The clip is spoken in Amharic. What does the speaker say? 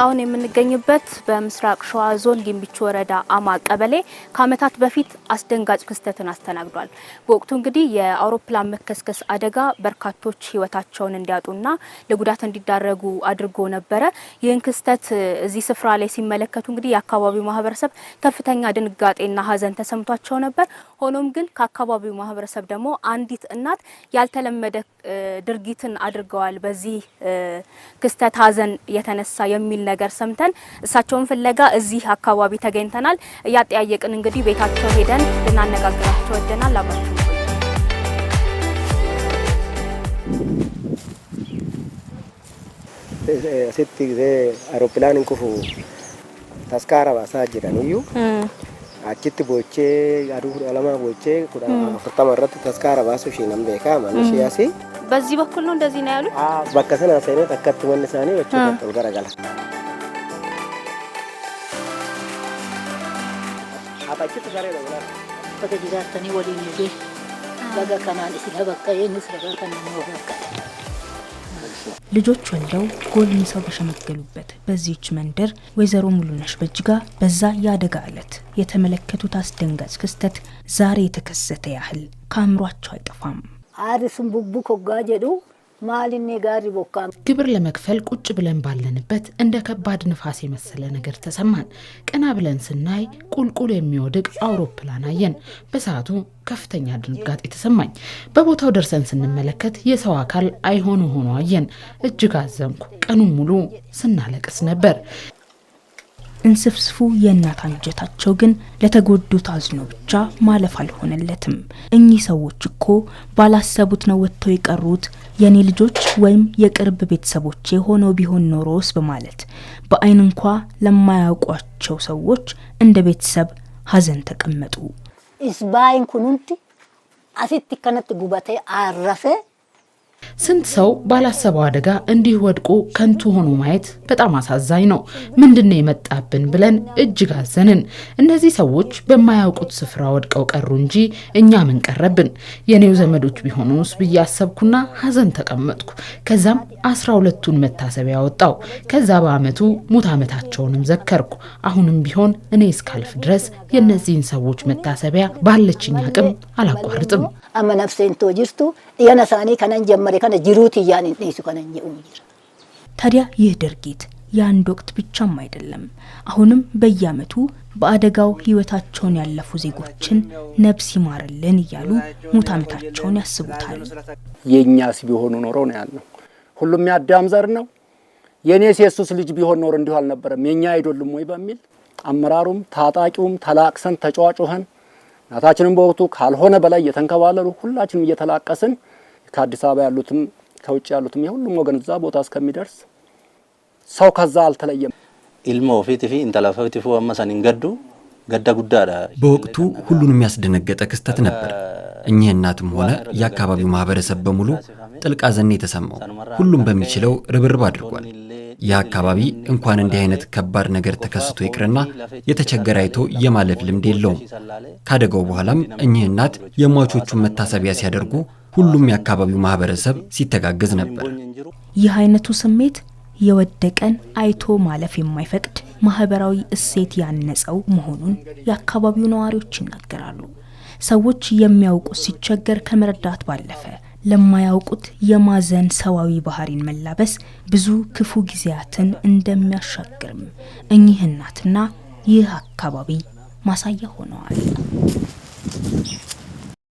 አሁን የምንገኝበት በምስራቅ ሸዋ ዞን ጊምቢቹ ወረዳ አማ ቀበሌ ከአመታት በፊት አስደንጋጭ ክስተትን አስተናግዷል። በወቅቱ እንግዲህ የአውሮፕላን መከስከስ አደጋ በርካቶች ህይወታቸውን እንዲያጡና ለጉዳት እንዲዳረጉ አድርጎ ነበረ። ይህን ክስተት እዚህ ስፍራ ላይ ሲመለከቱ እንግዲህ የአካባቢው ማህበረሰብ ከፍተኛ ድንጋጤና ሀዘን ተሰምቷቸው ነበር። ሆኖም ግን ከአካባቢው ማህበረሰብ ደግሞ አንዲት እናት ያልተለመደ ድርጊትን አድርገዋል በዚህ ክስተት ሀዘን የተነሳ የሚል የሚል ነገር ሰምተን እሳቸውን ፍለጋ እዚህ አካባቢ ተገኝተናል። እያጠያየቅን እንግዲህ ቤታቸው ሄደን ልናነጋግራቸው ወደናል። አብራችሁ ሲቲ ጊዜ አውሮፕላን እንኩፉ ታስካራ ባሳ ጅራን እዩ አችት ቦቼ አዱ ለማ ቦቼ ፍርተማ ረት ተስካረ ባሱ ሽናም ቤካ ማለሽ ያሲ በዚህ በኩል ነው እንደዚህ ነው ያሉት። በከሰና ሰይነት አከት ወንሳኔ ወጭ ተልገረገላ ልጆች ወልደው ጎልምሰው በሸመገሉበት በዚህች መንደር ወይዘሮ ሙሉነሽ በጅጋ በዛ የአደጋ ዕለት የተመለከቱት አስደንጋጭ ክስተት ዛሬ የተከሰተ ያህል ከአእምሯቸው አይጠፋም። አርሱም ቡቡ ኮጋ ጀዱ ግብር ለመክፈል ቁጭ ብለን ባለንበት እንደ ከባድ ንፋስ የመሰለ ነገር ተሰማን። ቀና ብለን ስናይ ቁልቁል የሚወድቅ አውሮፕላን አየን። በሰዓቱ ከፍተኛ ድንጋጤ ተሰማኝ። በቦታው ደርሰን ስንመለከት የሰው አካል አይሆን ሆኖ አየን። እጅግ አዘንኩ። ቀኑን ሙሉ ስናለቅስ ነበር። እንስፍስፉ የእናት አንጀታቸው ግን ለተጎዱት አዝኖ ብቻ ማለፍ አልሆነለትም። እኚህ ሰዎች እኮ ባላሰቡት ነው ወጥተው የቀሩት የኔ ልጆች ወይም የቅርብ ቤተሰቦቼ ሆነው ቢሆን ኖሮስ በማለት በአይን እንኳ ለማያውቋቸው ሰዎች እንደ ቤተሰብ ሀዘን ተቀመጡ። ኢስባይን ኩኑንቲ አሲት ከነት ጉባቴ አረፌ ስንት ሰው ባላሰበው አደጋ እንዲህ ወድቆ ከንቱ ሆኖ ማየት በጣም አሳዛኝ ነው። ምንድነው የመጣብን ብለን እጅግ አዘንን። እነዚህ ሰዎች በማያውቁት ስፍራ ወድቀው ቀሩ እንጂ እኛ ምን ቀረብን? የኔው ዘመዶች ቢሆኑስ ብዬ አሰብኩና ሀዘን ተቀመጥኩ። ከዛም አስራ ሁለቱን መታሰቢያ ወጣው። ከዛ በአመቱ ሙት አመታቸውንም ዘከርኩ። አሁንም ቢሆን እኔ እስካልፍ ድረስ የእነዚህን ሰዎች መታሰቢያ ባለችኝ አቅም አላቋርጥም። amma too jirtu dhiyan isaanii kanan jammare kana jiruuti yaan hin dhiisu kanan jedhuun jira። ታዲያ ይህ ድርጊት የአንድ ወቅት ብቻም አይደለም። አሁንም በየአመቱ በአደጋው ህይወታቸውን ያለፉ ዜጎችን ነብስ ይማርልን እያሉ ሙት ዓመታቸውን ያስቡታል። የእኛስ ቢሆኑ ኖሮ ነው ያልነው። ሁሉም የአዳም ዘር ነው። የእኔስ የሱስ ልጅ ቢሆን ኖሮ እንዲሁ አልነበረም። የእኛ አይደሉም ወይ በሚል አመራሩም ታጣቂውም ተላቅሰን ተጫዋጮኸን እናታችንም በወቅቱ ካልሆነ በላይ እየተንከባለሉ ሁላችንም እየተላቀስን ከአዲስ አበባ ያሉትም ከውጭ ያሉትም የሁሉም ወገን እዛ ቦታ እስከሚደርስ ሰው ከዛ አልተለየም። ኢልሞ ፊት ፊ እንተላፈት ፊ እንገዱ ገዳ ጉዳ በወቅቱ ሁሉንም ያስደነገጠ ክስተት ነበር። እኚህ እናትም ሆነ የአካባቢው ማህበረሰብ በሙሉ ጥልቅ ሐዘን የተሰማው ሁሉም በሚችለው ርብርብ አድርጓል። ይህ አካባቢ እንኳን እንዲህ አይነት ከባድ ነገር ተከስቶ ይቅርና የተቸገረ አይቶ የማለፍ ልምድ የለውም። ካደገው በኋላም እኚህ እናት የሟቾቹን መታሰቢያ ሲያደርጉ ሁሉም የአካባቢው ማህበረሰብ ሲተጋገዝ ነበር። ይህ አይነቱ ስሜት የወደቀን አይቶ ማለፍ የማይፈቅድ ማህበራዊ እሴት ያነጸው መሆኑን የአካባቢው ነዋሪዎች ይናገራሉ። ሰዎች የሚያውቁት ሲቸገር ከመረዳት ባለፈ ለማያውቁት የማዘን ሰዋዊ ባህሪን መላበስ ብዙ ክፉ ጊዜያትን እንደሚያሻግርም እኚህ እናትና ይህ አካባቢ ማሳያ ሆነዋል።